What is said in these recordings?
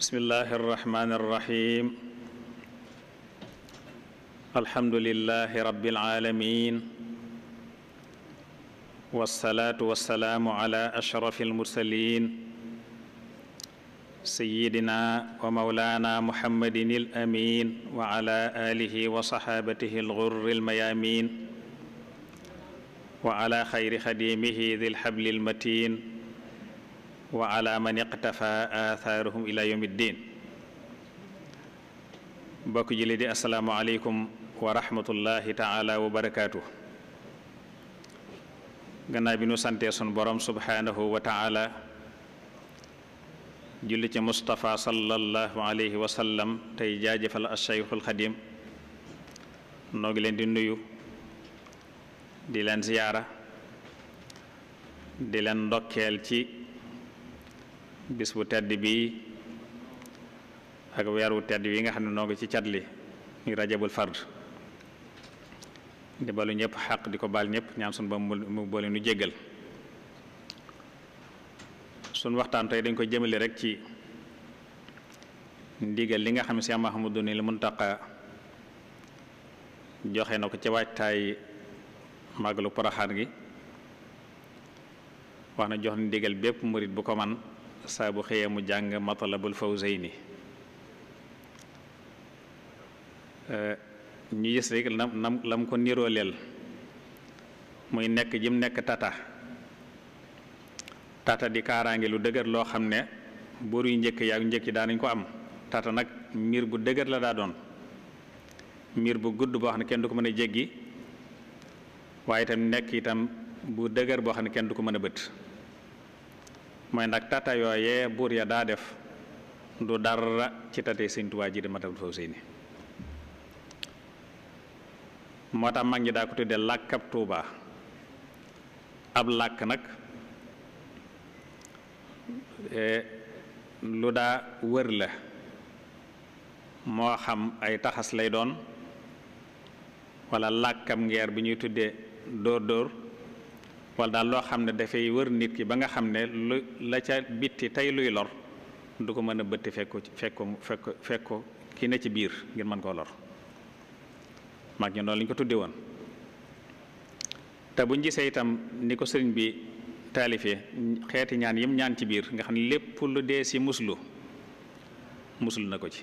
bismillahi arrahmani arrahim alhamdulilahi rabbil alamin والصلاة والسلام على أشرف المرسلين سيدنا ومولانا محمد الأمين وعلى آله وصحابته الغر الميامين وعلى خير خديمه ذي الحبل المتين wa ala man iqtafa aathaarahum ila yawmi ddin bokk ji li wa rahmatullahi taala wa barakaatu gannaaw bi nu santee borom subhaanahu wa taala julli ci Mustafa sallallahu alayhi wa sallam tey jaajëfal ashaykhul xadim noo ngi leen di nuyu di leen ziyaara di leen ndokkeel ci bis bu tedd bi ak weer wu tedd wi nga xam ne noo ngi ci cat li muy rajabul fard di balu ñëpp xaq di ko baal ñépp ñaan sun ba mu boole nu jéggal sun waxtaan tey dañ ko jëmale rek ci ndigal li nga xam ne Cheikh Mouhamadou ni li Muntaqa joxe na ko ci waajtaay màggalu Poroxaan gi wax na jox ndigal bépp murit bu ko man saa bu xëyee mu jàng matalabul fawzayni ñu gis rek lam lam lam ko nirooleel muy nekk jim nekk tata tata di kaaraange lu dëgër loo xam ne buur yu njëkk yaa njëkk yi daanañ ko am tata nag miir bu dëgër la daa doon miir bu gudd boo xam ne kenn du ko mën a jéggi waaye itam nekk itam bu dëgër boo xam ne kenn du ko mën a bët mooy nag tata yooyee buur ya daa def du dara ci tate sëñ Tuubaa ji di matal faw sëy ni moo tax mag ñi daa ko tudde làkkab Tuubaa ab làkk nag e, lu daa wër la moo xam ay taxas lay doon wala làkkam ngeer bi ñuy tuddee dóor dóor wala daal loo xam ne dafay wër nit ki ba nga xam ne lu la ca bitti tey luy lor du ko mën a bëtti fekko fekko fekko fekko ki ne ci biir ngir mën koo lor mag ñu noonu lañ ko tudde woon te buñ gisee itam ni ko sëriñ bi taalifee xeeti ñaan yim ñaan ci biir nga xam ne lépp lu dee si muslu muslu na ko ci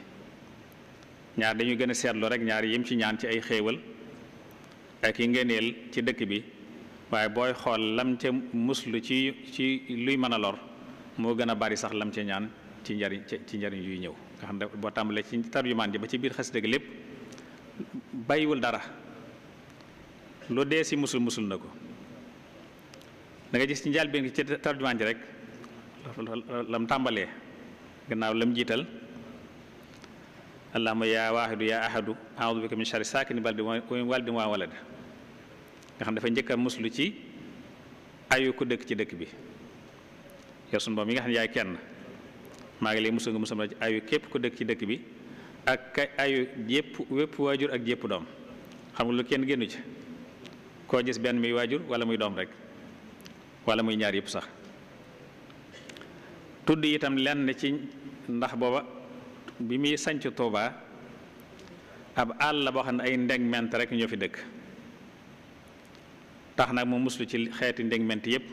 ñaar dañuy gën a seetlu rek ñaar yim ci ñaan ci ay xéewal ak yi ngeeneel ci dëkk bi waaye booy xool lam ca muslu ci ci luy mën a lor moo gën a bari sax lam ca ñaan ci njariñ ci njariñ yuy ñëw nga xam ne boo tàmbalee ci tarjumaan ji ba ci biir xasida gi lépp bàyyiwul dara lu dee si musul musul na ko da gis ci njaal bi ci tarjumaan ji rek lam tàmbalee gannaaw lam jiital allahumma yaa waaxidu ya ahadu a'udhu bika min sharri saakini baldi wa waldi wa walad nga xam dafa njëkk a ci ayu ku dëkk ci dëkk bi yow sunu boom yi nga xam ne yaay kenn maa ngi lay musal nga musal ci ayu képp ku dëkk ci dëkk bi ak kay ayu yépp wépp waajur ak yépp doom xamul nga lu kenn génn ci koo gis benn muy waajur wala muy doom rek wala muy ñaar yépp sax tudd itam lenn ci ndax booba bi muy sanc Tuuba ab àll boo xam ne ay ndeg ment rek ñoo fi dëkk tax nag mu muslu ci xeeti ndégment yépp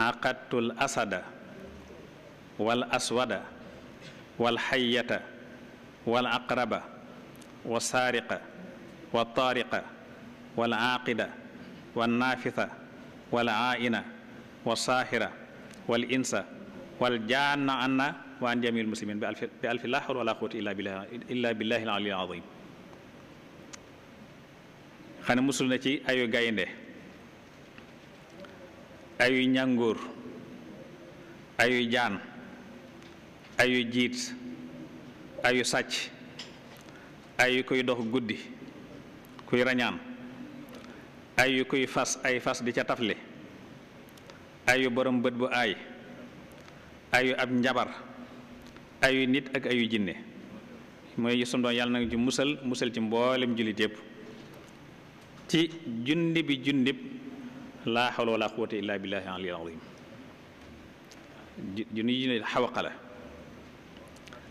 aqattul asada wal aswada wal xayata wal aqraba wa saariqa wa taariqa wal aaqida wal naafita wal aaina wa saahira wal insa wal jaanna anna wa an jamil muslimin bi alfi laa hawla wala quwwata illa billahi illa billahi al aliyyil azim xane musul na ci ayu gaynde ayu ñàngoor ayu jaan ayu jiit ayu sàcc ayu kuy dox guddi kuy rañaan ayu kuy fas ay fas di ca tafle ayu borom bët bu ay ayu ab njabar ayu nit ak ayu jinne mooy sunu doon yàlla na ci musal musal ci mboolem jullit yépp ci junni bi junnib laa hawla wala quwwata illa billahi aliyil azim junni junni xawaqa la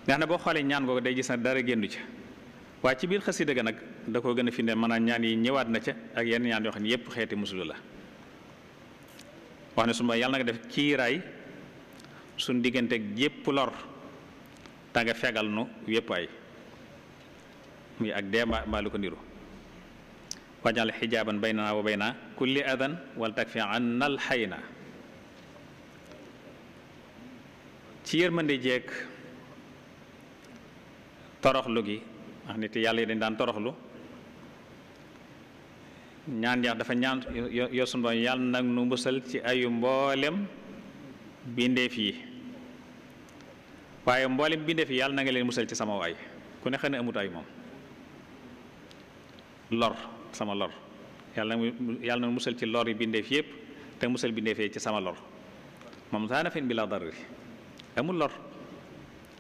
nga xam ne boo xoolee ñaan googu day gis na dara géndu ca waaye ci biir xasida ga nag da koo gën a firndeel maanaam ñaan yi ñëwaat na ca ak yenn ñaan yoo xam ne yépp xeeti musulu la wax ne suma yàlla na nga def kiiraay suñ diggante ak jépp lor ta nga fegal nu yépp ay muy ak dee mbaa lu ko niru wajal xijaaban baynana wa bayna kulli adan wal takfi anna al xayna ci yërmande jeeg toroxlu gi ndax nit yàlla yi dañ daan toroxlu ñaan yax dafa ñaan yosun ba yàlla nag nu musal ci ayu mboolem bindeef yi waaye mboolem bindeef yi yàlla na nga leen musal ci sama waay ku ne xam ne amut ay moom lor sama lor yàlla na yàlla musal ci lor yi bindeef yépp te musal bindeefee ci sama lor moom saana fen bi la darari amul lor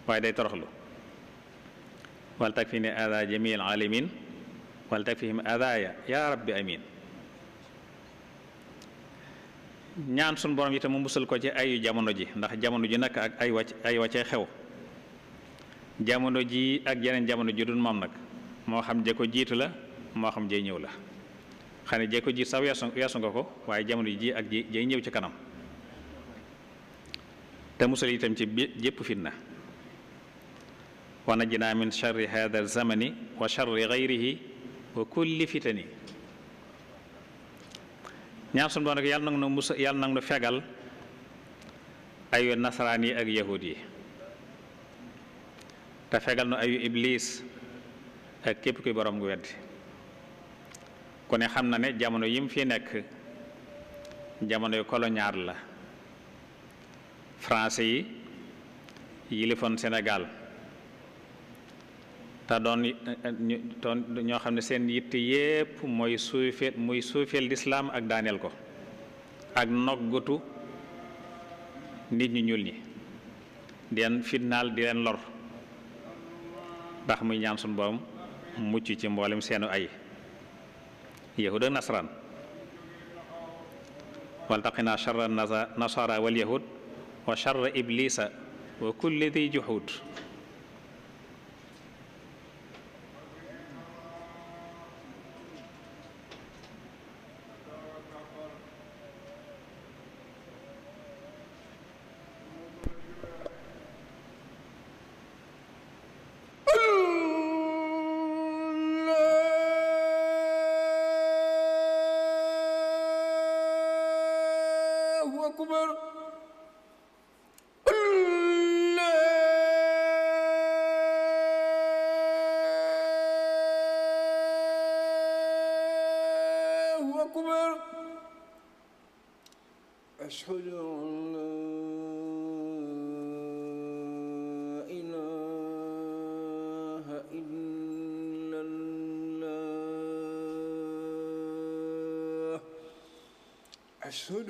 waaye day toroxlu wal tak fi ne ada jamil alamin ya rabbi amin ñaan sun borom musal ko ci ayu jamono ji ndax jamono ji nag ak ay wàcc ay wàccee xew jamono ji ak yeneen jamono ji dun moom nag moo xam ja ko jiitu la moo xam jay ñëw la xam ne ji ko jiit sax weesu nga ko waaye jamono ji ak ji jay ñëw ci kanam te musal itam ci jépp fitna wa na min charri hada alzamani wa charri gayrihi wa kulli fitani ñaan sun doon ak yàlla nag nu musa yàlla nag nu fegal ayu nasaraan yi ak yahud yi te fegal na ayu iblis ak képp kuy borom gu weddi ku ne xam na ne jamono yi mu fi nekk jamonoy koloñaar la français yi yilifoon Sénégal te doon ñoo xam ne seen yitt yépp mooy suufeel muy suufeel lislaam ak daaneel ko ak noggatu nit ñu ñuul ñi den leen fitnaal di leen lor ndax muy ñaan suñu borom mucc ci mboolem seenu ay yahud ak nasaraan waltaqina charra nasara walyahud wa charra iblisa wa kulli di juxuud أكبر الله أكبر أشهد أن لا أشهد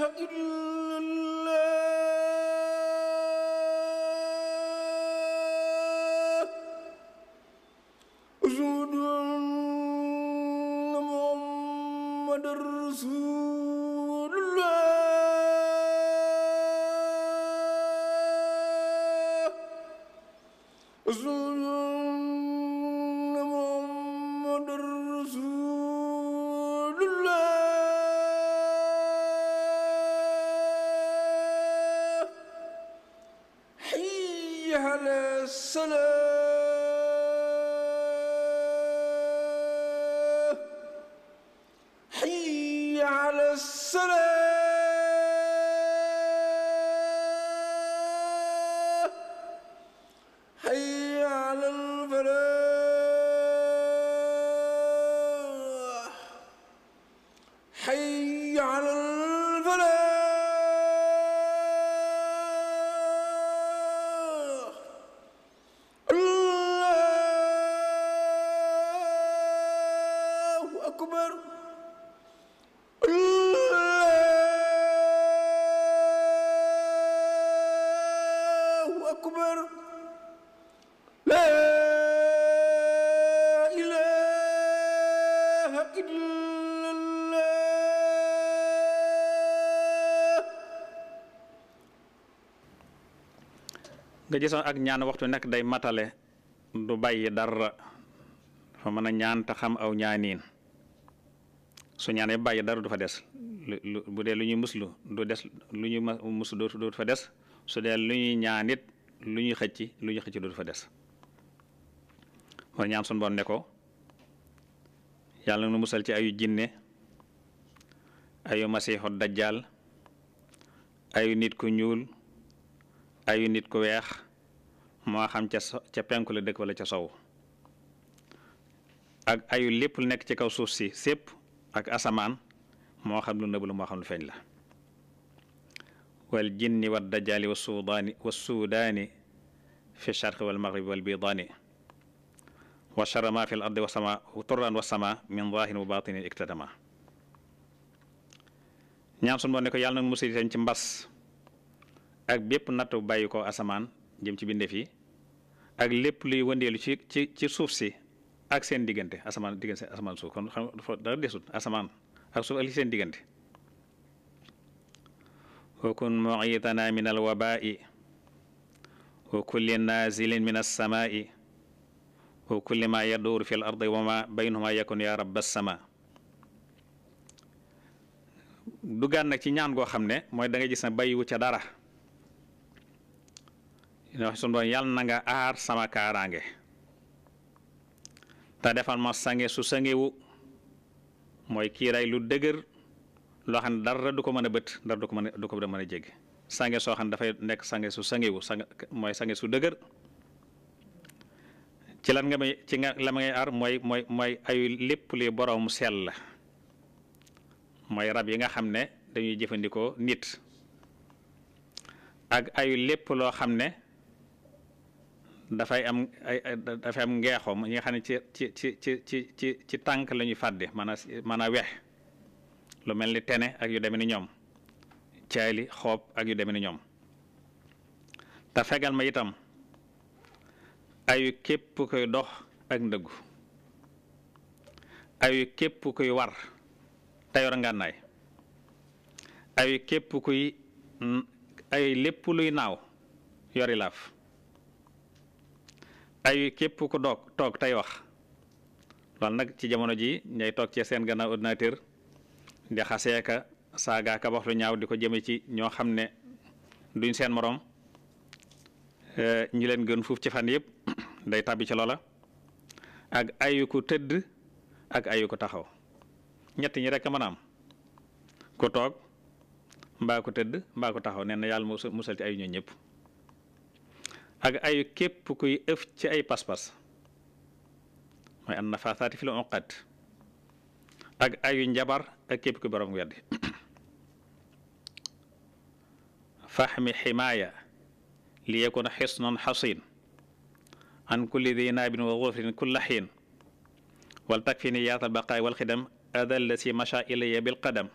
له إلا nga gisoon ak ñaan waxtu nekk day matale du bàyyi dara fa mën a ñaan te xam aw ñaaniin su ñaanee bàyyi dara du fa des lu bu dee lu ñuy muslu du des lu ñuy muslu dootu fa des su dee lu ñuy ñaanit lu ñuy xëcc lu ñuy xëcc dootu fa des moo ñaan sun bon ne ko yàlla nu musal ci ayu jinne ayu masiixu dajjaal ayu nit ku ñuul ayu nit ku weex moo xam ca ca penku la dëkk wala ca sow ak ayu lépp lu nekk ci kaw suuf si sépp ak asamaan moo xam lu nëbb la moo xam lu feeñ la wal jinni dajaali wa suudaani wa suudaani fi charqi wal maghribi wal bidaani wa chara fi ardi wa sama turran wa sama min zahin wa batinin iktadama ñaan sun ne ko yàlla na musi ci mbas ak bépp natt bu ko asamaan jëm ci bindeef yi ak lépp luy wëndeelu ci ci ci suuf si ak seen diggante asamaan diggante asamaan suuf kon ak li seen diggante wa kun mu'itana min al waba'i wa kulli nazilin min as-sama'i wa kulli ma yaduuru fi l ardi wa ma yakun ya rabba sama dugaan nag ci ñaan goo xam ne mooy da nga gis na ca dara na wax sunu aar sama kaaraange te defal ma sange su sangewu mooy kiiraay lu dëgër loo xam ne dara du ko mën a bët dara du ko mën a du ko mën a jéggi sange soo xam ne dafay nekk sange su sangewu sange mooy sange su dëgër ci lan nga may ci nga la ma ngay aar mooy mooy mooy ayu lépp li borom sell la mooy rab yi nga xam ne dañuy jëfandikoo nit ak ayu lépp loo xam ne dafay am ay dafay am ngeexoom yi nga xam ne ci ci ci ci ci ci ci tànk lañuy ñuy fàdde man a man a wex lu mel ni tene ak yu deme ni ñoom caali xoob ak yu deme ni ñoom te fegal ma itam ayu képp koy dox ak ndëggu ayu képp kuy war te yor ngànnaay ayu képp kuy ay lépp luy naaw yori laaf ay képp ku doog toog tey wax lool nag ci jamono ji ñay toog cee seen gannaaw ordinateur di xasee ka saaga lu ñaaw di ko jëme ci ñoo xam ne duñ seen moroom eh, ñi leen gën fuuf ci fan yëpp day tabbi ci lola ak ayu ku tëdd ak ayu taxaw ñett ñi rek mën a am ku toog mbaa ku tëdd mbaa ku taxaw nee na yàlla musal ci ayu ñoo ñëpp ak ayu képp kuy ëf ci ay pas-pas mooy an nafaathaati fi la uqad ak ayu njabar ak képp kuy borom weddi fahmi ximaaya li yakuna xisnan xasin an kulli di naabin wa gufrin kulla xiin wal takfi ni yaatal baqaay wal xidam adalla si macha ilaya bil qadam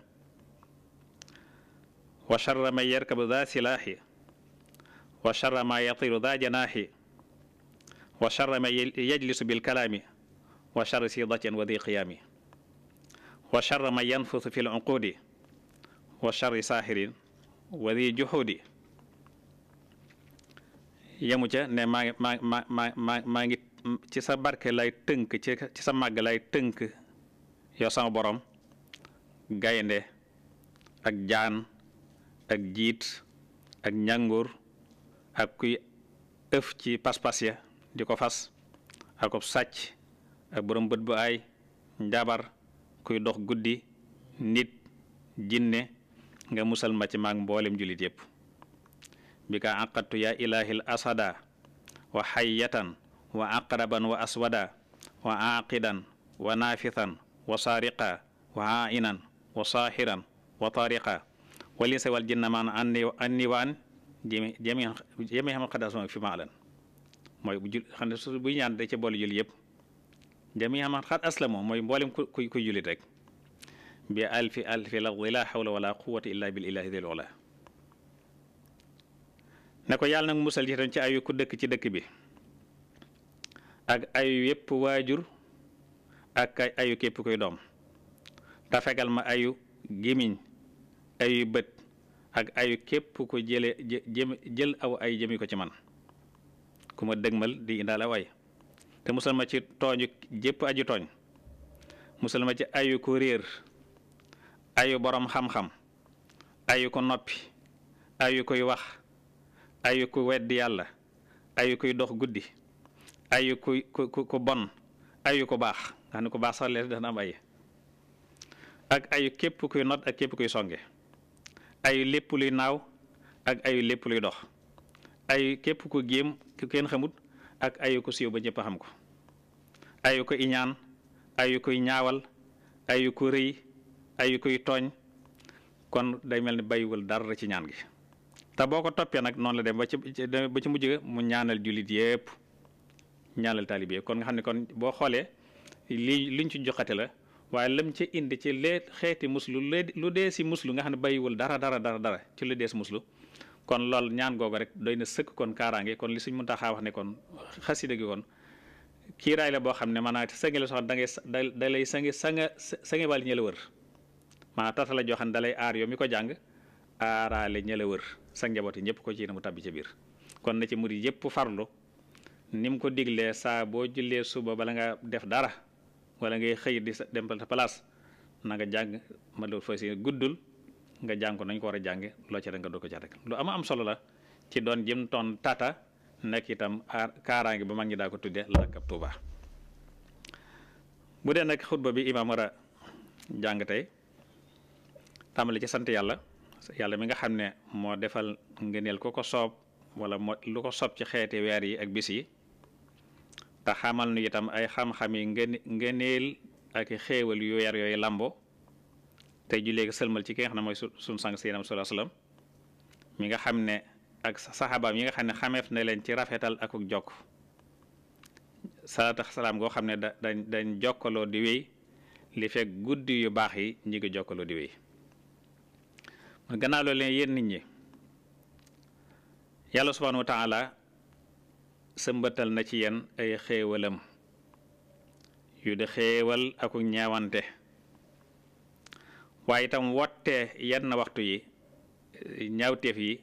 wa charra man yarkabu daa silaaxi wa charra ma yatiru da janaahi wa charra ma yajlisu bil kalaami wa charri sidatin wa di qiyaami wa charra ma yanfusu fi l unquudi wa charri saahirin wa di juhuudi yemu ca ne maa maa maa maa maa maa ngi ci sa barke lay tënk ci sa màgg lay tënk yow sama borom gaynde ak jaan ak jiit ak ñangur ak kuy ëf ci pas di ko fas ak ab sàcc ak bët bu ay njabar kuy dox guddi nit jinne nga musal ma ci maag mboolem jullit yépp bi ka àqattu yaa ilaahil asada wa xayyatan wa aqraban wa aswada wa aaqidan wa naafitan wa saariqa wa aainan wa saaxiran wa taariqa wa liisa wal jinnamaan anni waan jami jami jami xam xaddaas moom fi ma alan mooy bu jul xam ne su buy ñaan da ca boole julli yëpp jami xam xad aslamo mooy mboolem ku ku ku jullit rek bi alfi alfi lafdi la hawla wala quwwata illa billahi dil ula ne ko yàlla nag musal ci tam ci ayu ku dëkk ci dëkk bi ak ayu yëpp waajur ak ayu képp kuy doom te fegal ma ayu gémmiñ ayu bët ak ayu képp ku jëlee jël aw ay jëmi ko ci man ku ma dëgmal di indaale aw te musal ma ci tooñu jépp aju tooñ musal ma ci ayu ku réer ayu borom xam-xam ayu ko noppi ayu koy wax ayu ku weddi yàlla ayu kuy dox guddi ayu ku ku ku bon ayu ko baax nga xam ne ko baax sax leer dana am ay ak ayu képp kuy not ak képp kuy songe ayu lépp luy naaw ak ayu lépp luy dox ayu képp ku géem ku kenn xamut ak ayu ko siiw ba ñëpp xam ko ayu ko iñaan ayu koy ñaawal ayu ko rëy ayu koy tooñ kon day mel ni bàyyiwul dara ci ñaan gi te boo ko toppee nag noonu la dem ba ci ba ci mujj mu ñaanal jullit yépp ñaanal taalibe kon nga xam ne kon boo xoolee lii liñ ci joxate la waaye lam ci indi ci lee xeeti muslu lu dee si muslu nga xam ne bàyyiwul dara dara dara dara ci lu dee si muslu kon loolu ñaan googu rek doy na sëkk kon kaaraange kon li suñ mun taxaa wax ne kon xasida gi kon kiiraay la boo xam ne maanaam sange la soxla da ngay da lay sange sanga sange wàll ña la wër maanaam tata la joo xam ne mi ko jàng aaraale ña la wër sa njaboot yi ñëpp ko ci na ca biir kon na ci mu murid yëpp farlu ni mu ko diglee saa boo jullee suba bala nga def dara wala ngay xëy di dem sa place na nga jàng ma loolu fas yéene guddul nga jàng ko nañ ko war a jàng loo ca rek nga ko ca rek lu ama am solo la ci doon jëm toon tata nekk itam aar kaaraange ba mag ñi daa ko tuddee làkkab Tuuba bu dee nag xutba bi imaam war a jàng tey tàmbali ci sant yàlla yàlla mi nga xam ne moo defal ngëneel ko ko soob wala moo lu ko soob ci xeeti weer yi ak bis yi te xamal nu itam ay xam-xam yi ngeen ngeneel ak xéewal yu yar yooyu lambo te ju léegi sëlmal ci ki nga xam mooy suñ sang si yenam sallallahu alayhi wasallam mi nga xam ne ak saxaabaam yi nga xam ne xameef na leen ci rafetal ak jokk salaat ak salaam goo xam ne da dañ dañ jokkaloo di wéy li fekk guddi yu baax yi ñi jokkaloo di wéy gannaaw loolu leen yéen nit ñi yàlla subhanahu wa sëmbatal na ci yenn ay xéewalam yu di xéewal aku ñaawante waaye itam wottee yenn waxtu yi ñaawteef yi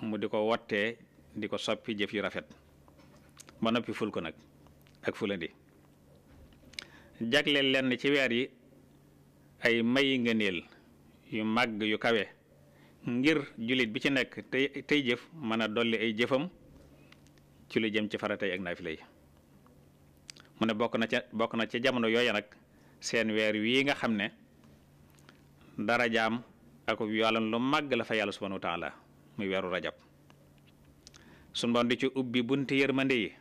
mu di ko wottee di ko soppi jëf yu rafet ba noppi ful ko nag ak fulandi jagleel lenn ci weer yi ay mayi ngëneel yu màgg yu kawe ngir jullit bi ci nekk tey tey jëf mën a dolli ay jëfam ci lu jëm ci faratay ak naafila yi mu ne bokk na ca bokk na ca jamono yooya nag seen weer wii nga xam ne dara jaam ak yoolan lu màgg la fa yàlla subhanahu wa la muy weeru rajab sun boon ci ubbi bunti yërmande yi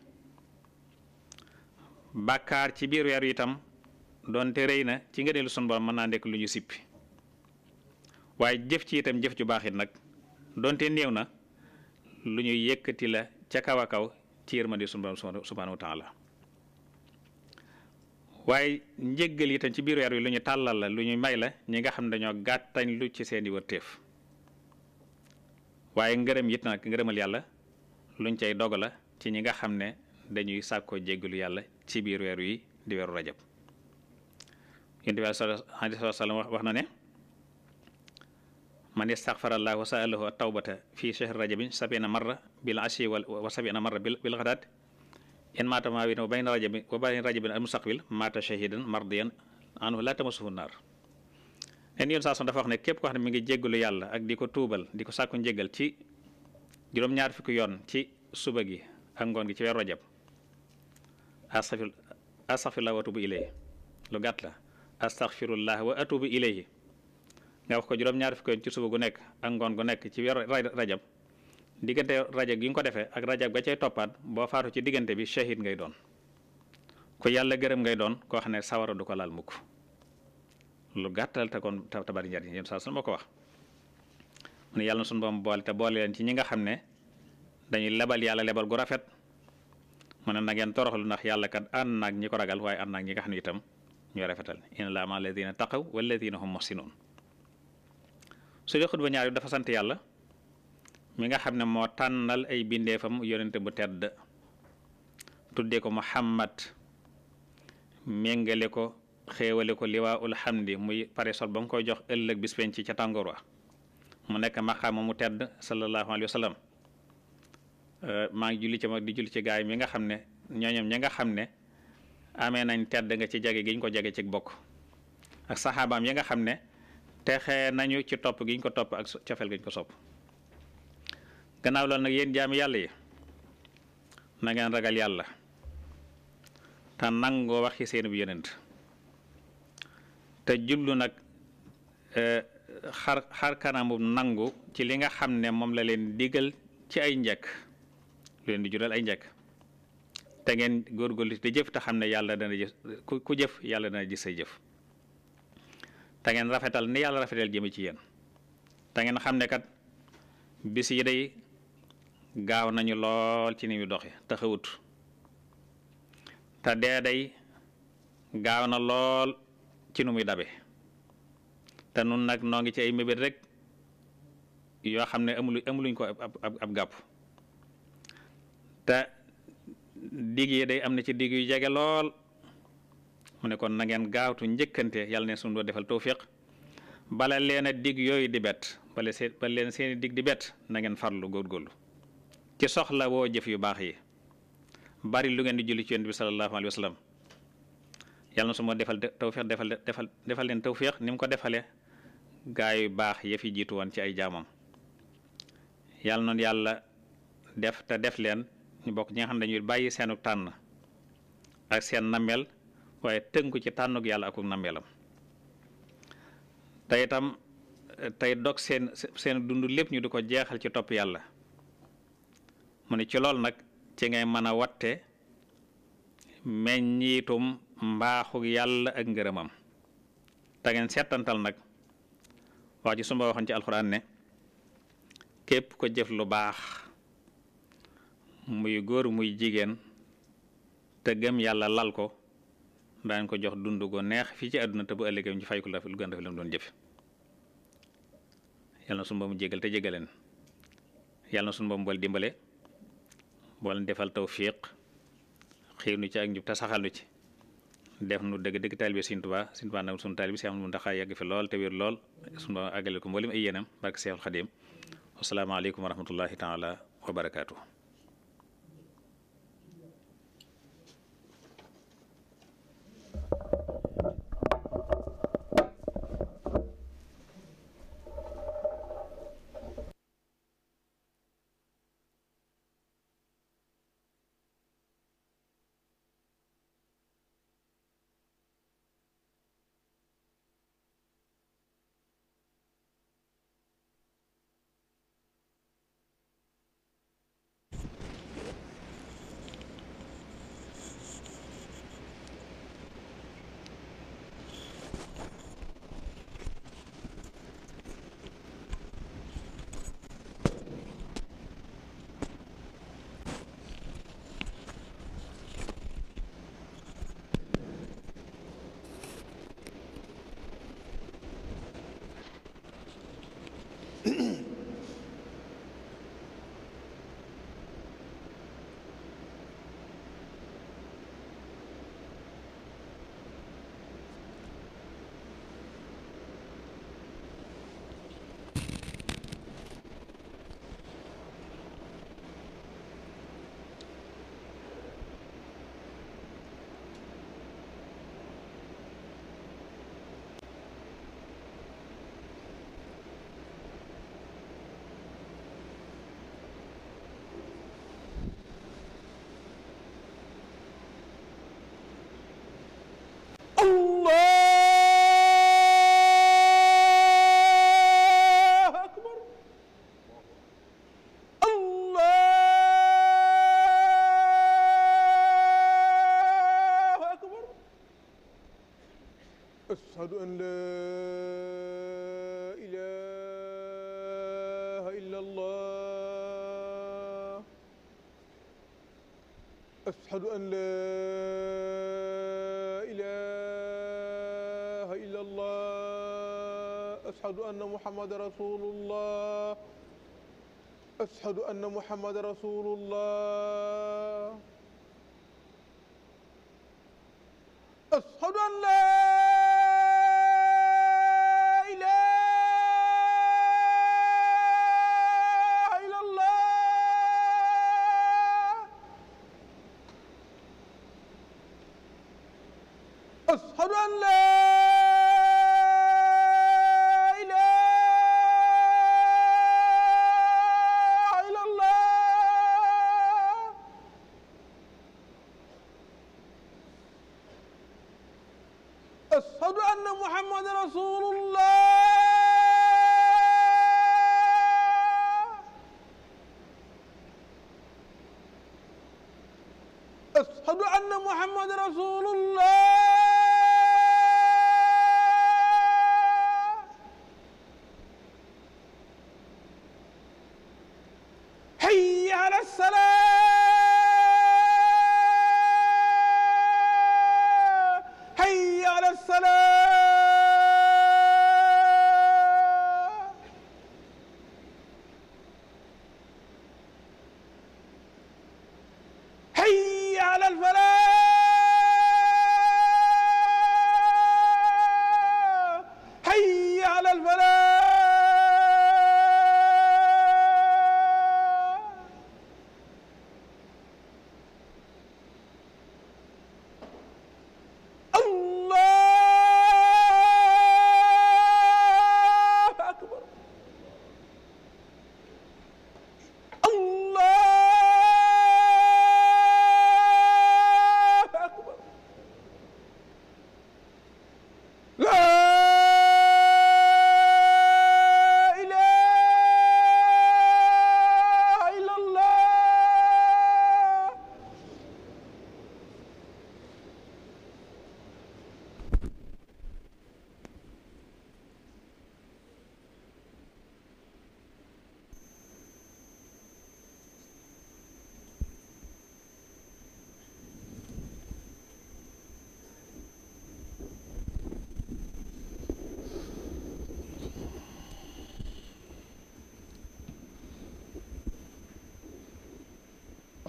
bàkkaar ci biir weer wi itam doonte rëy na ci nga ngëneelu sun boon mën naa nekk lu ñu sippi waaye jëf ci itam jëf ju baax it nag doonte néew na lu ñu yëkkati la ca kaw a kaw ci yërmande sunu borom subhanahu wa taala waaye njëggal itam ci biir weer wi lu tàllal la lu ñu may la ñi nga xam ne dañoo gàttañ lu ci seeni wërteef waaye ngërëm it nag ngërëmal yàlla luñ cay dog la ci ñi nga xam ne dañuy sàkkoo jéggalu yàlla ci biir weer wi di weeru rajab yonent bi sallallahu alayhi wax na ne man istaxfarallah wa saalahu tawbata fi shahri rajabin sabina marra bil ashi wa sabina marra bil xadaat in maata maa win wa bayna rajabin wa bayna rajabin al mustaqbil maata shahidan mardiyan anhu laa tamasuhu naar leen yoon saa son dafa wax ne képp koo xam mi ngi jéggalu yàlla ak di ko tuubal di ko sàkku njéggal ci juróom-ñaar fukki yoon ci suba gi ak ngoon gi ci weeru rajab astaxfirullah wa atubu ilayhi lu gàtt la astaxfirullah wa atubu ilayhi nga wax ko juróom-ñaar fukki yoon ci suba gu nekk ak ngoon gu nekk ci weeru rajab diggante rajab gi nga ko defee ak rajab ga cay toppaat boo faatu ci diggante bi shahid ngay doon ku yàlla gërëm ngay doon koo xam ne sawara du ko laal mukk lu gàttal te kon te bari njariñ yéen saa su ma ko wax mu yàlla na suñu boom boole te boole leen ci ñi nga xam ne dañuy lebal yàlla lebal gu rafet mu ne na ngeen toroxlu ndax yàlla kat ànd naag ñi ko ragal waaye ànd naag ñi nga xam ne itam ñoo rafetal inna laa ma alladina taqaw walladina hum muhsinun su dee xutba ñaar dafa sant yàlla mi nga xam ne moo tànnal ay bindeefam yonente bu tedd tuddee ko Muhammad méngale ko xéewale ko liwaa ul xamdi muy pare sol ba nga koy jox ëllëg bis penc ca tàngoor wa mu nekk ma maqaama mu tedd sallallahu alayhi wa sallam maa ngi julli ci mag di julli ci gaay mi nga xam ne ñooñoom ñi nga xam ne amee nañ tedd nga ci jage gi ñu ko jage ci bokk ak saxaabaam yi nga xam ne texee nañu ci topp giñ ko topp ak cofeel giñ ko sopp gannaaw loolu nag yéen jaami yàlla yi na ragal yàlla te nangoo waxi seen bu yonent te jublu nag e, xar xar kanamu nangu ci li nga xam ne moom la leen digal ci ay njekk lu leen di jural ay njekk te ngeen góor góorgóorlu di jëf te xam ne yàlla dana jëf ku jëf yàlla dana gis say jëf te ngeen rafetal ni yàlla rafetal jëme ci yéen te ngeen xam ne kat bis yi day gaaw nañu lool ci ni mu doxe te dee gaaw na lool ci nu muy dabe te nun nag noo ngi ci ay mébét rek yoo xam ne amulu amuluñ ko ab ab ab gàpp te digg yi day am na ci digg yu jege lool mu ne kon na ngeen gaawtu njëkkante yàlla ne sunu defal tawfiq bala leen a dig yooyu di bett bala seen bala leen seen dig di bet na ngeen farlu góorgóorlu ci soxla woo jëf yu baax yi bari lu ngeen di julli ci yonent bi sallallahu alayhi wa sallam na su ma defal tawfiq defal defal defal leen tawfiq ni mu ko defalee gaa yu baax ya fi jiitu woon ci ay jaamam yàlla noonu yàlla def te def leen ñu bokk ñi nga xam ne dañuy bàyyi seenu tànn ak seen namel waaye ko ci tànnug yàlla ko nammeelam te itam tey dog seen dund lépp ñu du ko jeexal ci topp yàlla mu ne ci lool nag ci ngeen mën a watte meññiitum mbaaxu yàlla ak ngërëmam te ngeen seetantal nag wax ji suma waxoon ci alxuraan ne képp ko jëf lu baax muy góor muy jigéen te yàlla lal ko daañ ko jox dund go neex fii ci àdduna te bu ëllëgee ñu fay ko la lu gën mu doon jëf yàlla na suñu boom jégal te jégaleen na dimbale bool defal tawfiq xiir nu ci ak njub te saxal nu ci def nu dëgg dëgg taalibe Sëriñ Tuubaa Sëriñ Tuubaa nag suñu taalibe si am nu ndax yàgg fi lool te wér lool suñu boom àggale ko mboolem ay yéenam barke Seexul Xadiim asalaamaaleykum wa rahmatullahi taala wa ashhadu an laa ilaaha illallaah ashhadu an laa ilaaha illallaah ashhadu anna muhammadan rasuulullaah ashhadu anna muhammadan rasuulullaah ashhadu an laa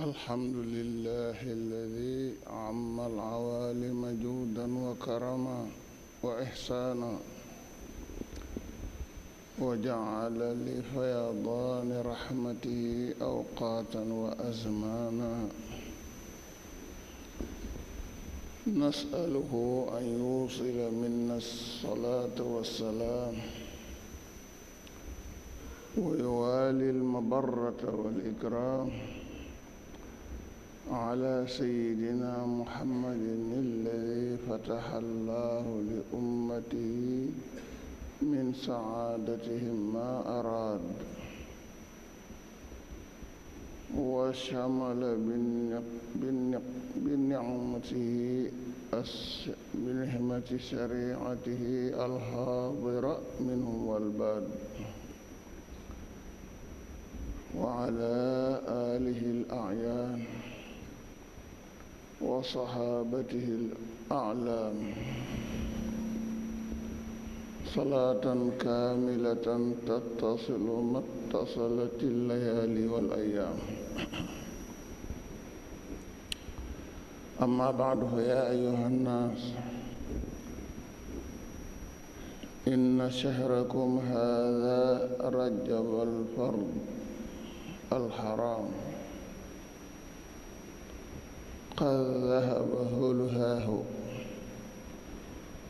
الحمد لله الذي عم العوالم جودا وكرما وإحسانا وجعل لفيضان رحمته أوقاتا وأزمانا نسأله أن يوصل منا الصلاة والسلام ويوالي المبرة والإكرام وعلى سيدنا محمد الذي فتح الله لأمته من سعادتهم ما أراد وشمل بنعمته بنعمة شريعته الحاضرة منه والباد وعلى آله الأعيان wa saxaabatihi al-aclaam salaatan kaamilatan tattasilu mattasalat al-layaali wal ayyaam amma bacdu fa yaa ayyuha nnaas inna shahrakum haadaa rajabal fard al-haraam قد ذهب هلهاه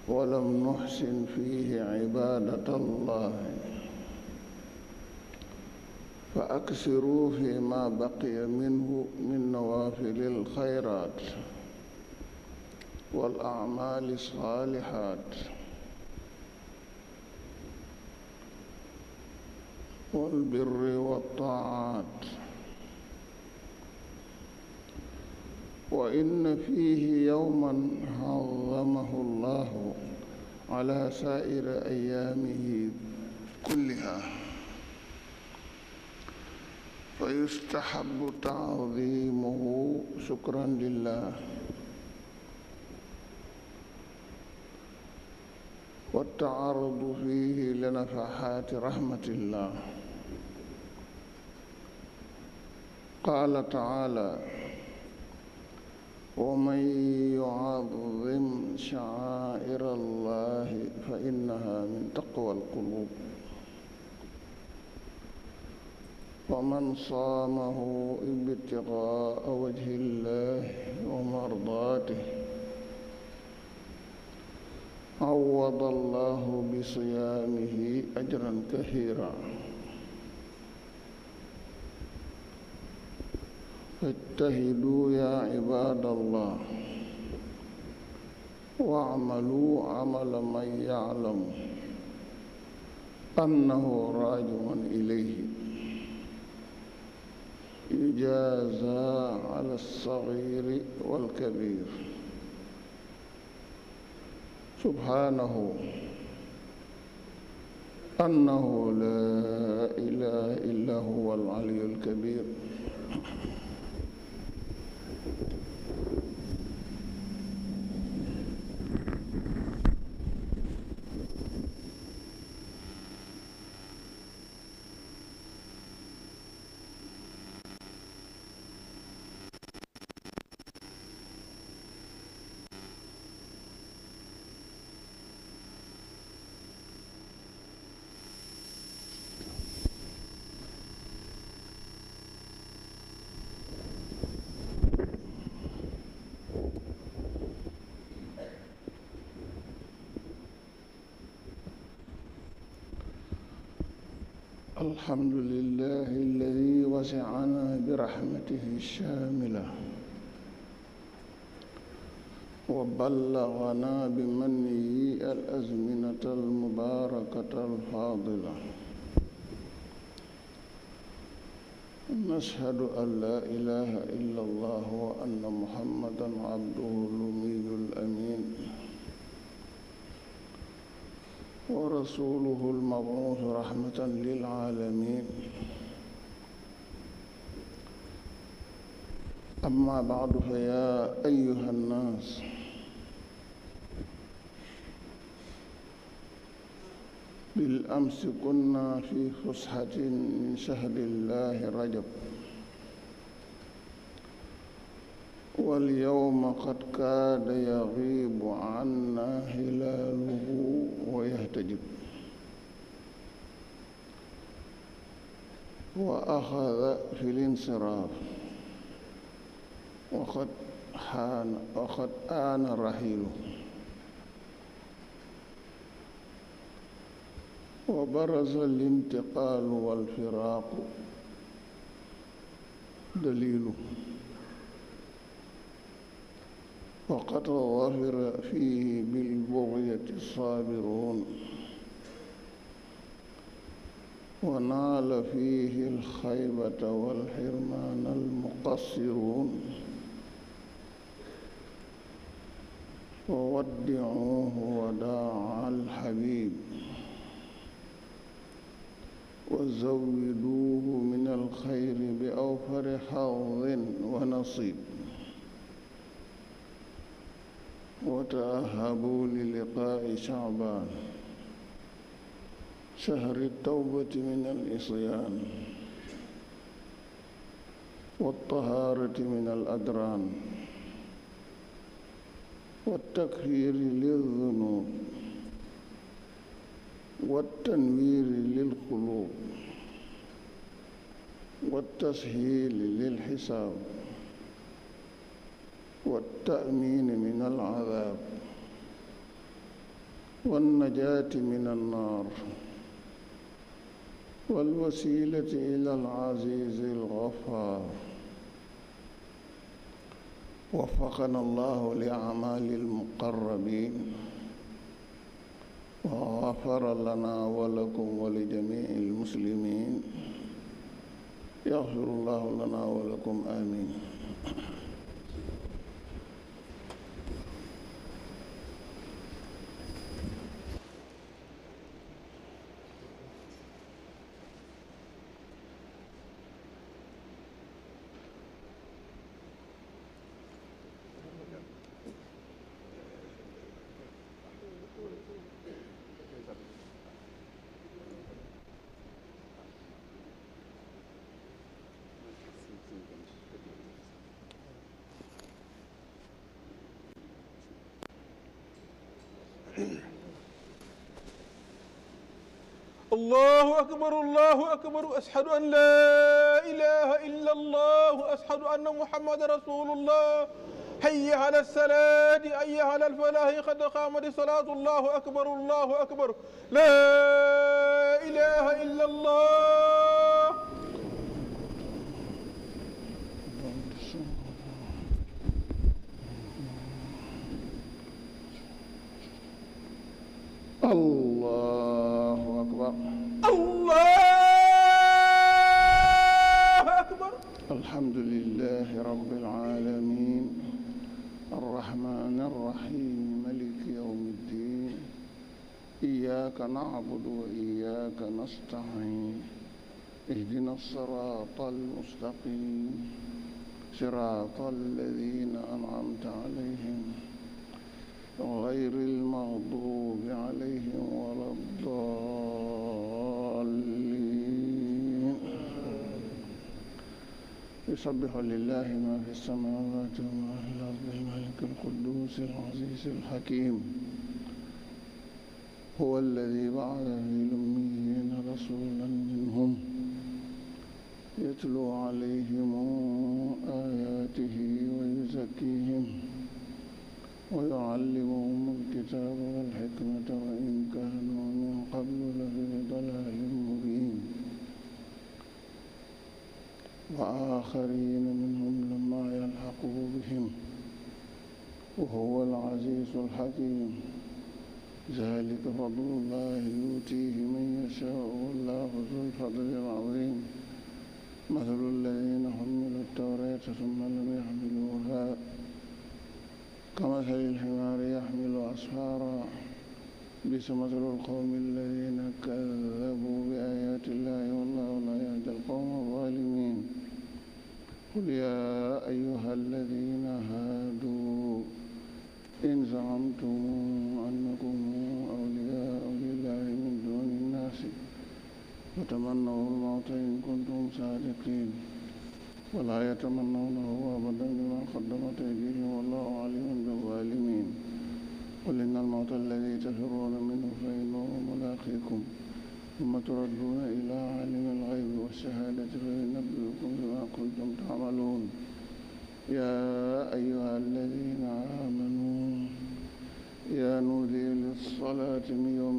ولم نحسن فيه عبادة الله فأكثروا فيما بقي منه من نوافل الخيرات والأعمال الصالحات والبر والطاعات وإن فيه يوما عظمه الله على سائر أيامه كلها فيستحب تعظيمه شكرا لله والتعرض فيه لنفحات رحمة الله قال تعالى ومن يعظم شعائر الله فإنها من تقوى القلوب ومن صامه ابتغاء وجه الله ومرضاته عوض الله بصيامه أجرا كثيرا ittahiduu yaa cibaadallah wacmaluu camala man yaclamu annahu raajiun ilayhi yujaaza ala alsagiiri walkabiir subhaanahu annahu laa ilaaha illaa huwa alcaliyu alkabiir الحمد لله الذي وسعنا برحمته الشاملة وبلغنا بمنه الأزمنة المباركة الفاضلة نشهد أن لا إله إلا الله وأن محمدا عبده ورسوله المبعوث رحمة للعالمين أما بعد فيا أيها الناس بالأمس كنا في فسحة من شهر الله رجب واليوم قد كاد يغيب عنا هلاله ويهتجب وأخذ في الانصراف وقد حان وقد آن رحيله وبرز الانتقال والفراق دليله وقد ظفر فيه بالبغية الصابرون ونال فيه الخيبة والحرمان المقصرون وودعوه وداع الحبيب وزودوه من الخير بأوفر حظ ونصيب وتأهبوا للقاء شعبان شهر التوبة من العصيان والطهارة من الأدران والتكفير للذنوب والتنوير للقلوب والتسهيل للحساب والتأمين من العذاب والنجاة من النار والوسيلة إلى العزيز الغفار وفقنا الله لأعمال المقربين وغفر لنا ولكم ولجميع المسلمين يغفر الله لنا ولكم آمين allahu akbar allahu akbar ashhadu an laa ilaha illa allah ashhadu anna muhammadan rasulullah hayya ala salaati hayya ala alfalaahi qad qaamati salaatu allahu akbar allahu akbar laa ilaha illa allah الصراط المستقيم صراط الذين أنعمت عليهم غير المغضوب عليهم ولا الضالين يسبح لله ما في السماوات وما في الأرض الملك القدوس العزيز الحكيم هو الذي بعث في يتلو عليهم آياته ويزكيهم ويعلمهم الكتاب والحكمة وإن كانوا من قبل لفي ضلال مبين وآخرين منهم لما يلحقوا بهم وهو العزيز الحكيم ذلك فضل الله يؤتيه من يشاء والله ذو الفضل العظيم مثل الذين حملوا التوراة ثم لم يحملوها كمثل الحمار يحمل أسفارا بئس مثل القوم الذين كذبوا بآيات الله والله لا يهدي القوم الظالمين قل يا أيها الذين هادوا إن زعمتم أنكم يتمنوا الموت إن كنتم صادقين ولا يتمنونه أبدا بما قدمت أيديهم والله عليم بالظالمين قل إن الموت الذي تفرون منه فإنه ملاقيكم ثم تردون إلى عالم الغيب والشهادة فينبئكم بما كنتم تعملون يا أيها الذين آمنوا يا نودي للصلاة من يوم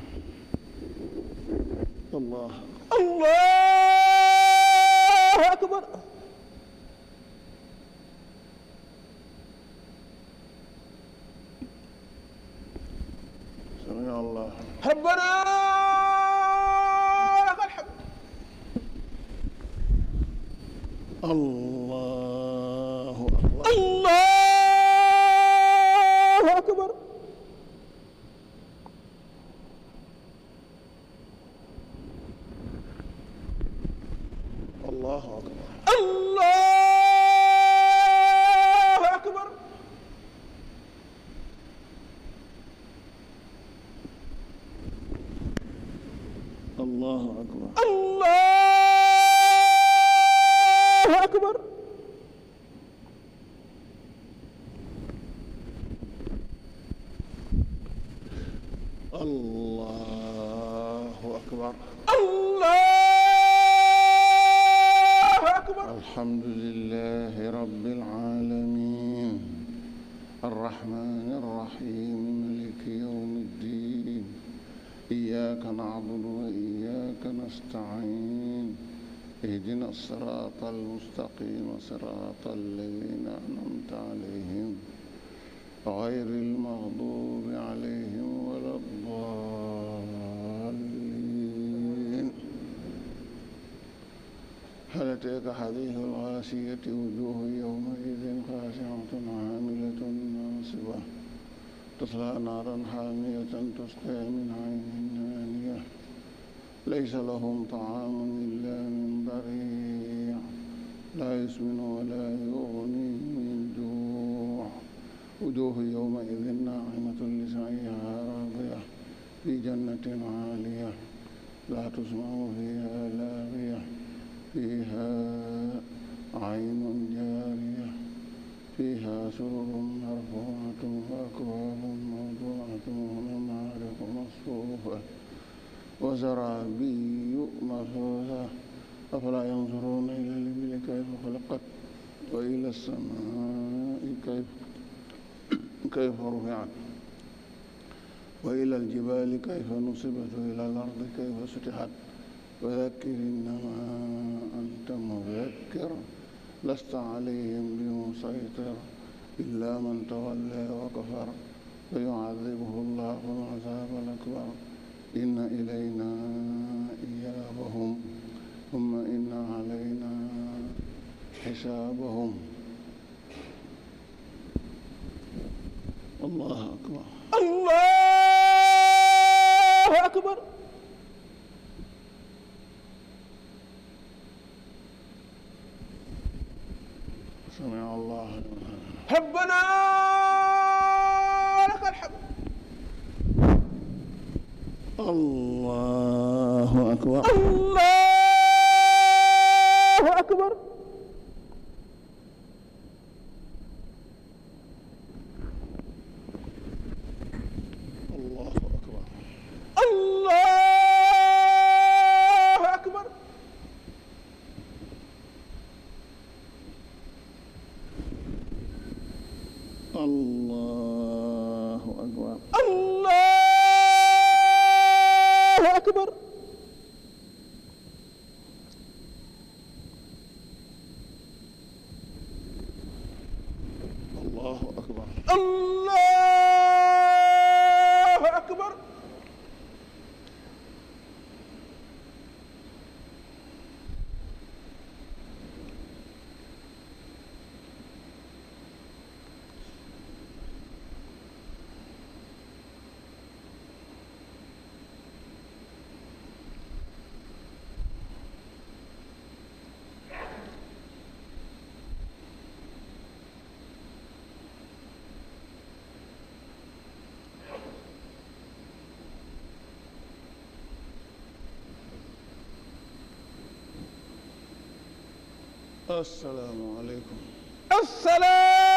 allah allahu akbar sami allah rabbana lakal hamd allah allahu akbar allahu akbar alhamdulillahi rabbil alamin arrahmanir rahim maliki yawmiddin iyyaka na'budu wa iyyaka nasta'in اهدنا الصراط المستقيم صراط الذين أنعمت عليهم غير المغضوب عليهم ولا الضالين هل أتاك حديث الغاشية وجوه يومئذ خاشعة عاملة ناصبة تصلى نارا حامية تسقى من عين آنية ليس لهم طعام إلا من ضريع لا يسمن ولا يغني wujuuhu yawma'idhin naa'imatun li sa'yihaa raadiyah fii jannatin 'aaliyah laa tasma'u fiihaa laagiyah fiihaa 'aynun jaariyah fiihaa sururun marfuu'atun wa akwaabun mawduu'atun wa mamaariqu masfuufah wa zarabiyyu mabsuusah afalaa yanzuruuna ilaa al-ibili kayfa khuliqat wa ilaa as-samaa'i kayfa كيف رفعت وإلى الجبال كيف نصبت وإلى الأرض كيف سطحت وذكر إنما أنت مذكر لست عليهم بمسيطر إلا من تولى وكفر فيعذبه الله العذاب الأكبر إن إلينا إيابهم ثم إن علينا حسابهم allahu akbar allahu akbar sami'a allahu liman hamidah rabbana lakal hamd allahu akbar asalaamaaleykum. asalaam.